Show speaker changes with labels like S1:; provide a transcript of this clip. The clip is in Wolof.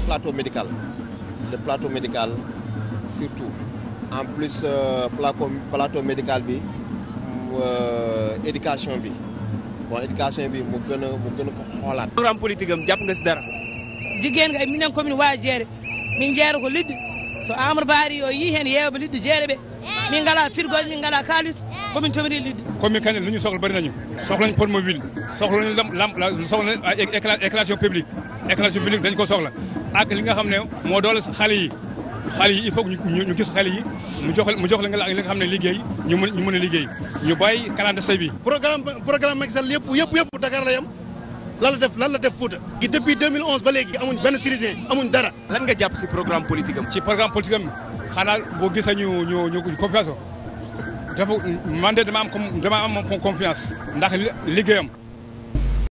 S1: le plateau médical le plateau médical surtout en plus euh, plateau plateau médical bi euh, éducation bi bon éducation bi mu gën a xoolaat. programme politique am jàpp nga si dara.
S2: jigéen nga ay minen commune waa jeere min jeere ko liddi so amr baari yo yi hen yeewa liddi jeere ɓe min ngala firgol min ngala kalis eh. komin comiri liddi
S3: komin kañen nuñu sohla bari nañu sohlañ pot mobile sohlañ sohla ah, éclation publique éclation dañ ko sohla ak li nga xam ne moo dool xale yi xale yi il faut que ñu gis xale yi mu jox mu jox la nga li nga xam ne liggéey ñu mën ñu a liggéey ñu bàyyi calendrier bi programme programme Macky
S4: Sall yëpp yëpp yëpp Dakar la yem lan la def lan la def Fouta gi depuis 2011 ba léegi amuñ benn Syrien
S3: amuñ dara. lan nga jàpp si programme politique am. ci programme politique am xanaa boo gisee ñu ñu ñu confiance dafa man de dama am dama am confiance ndax
S2: liggéeyam.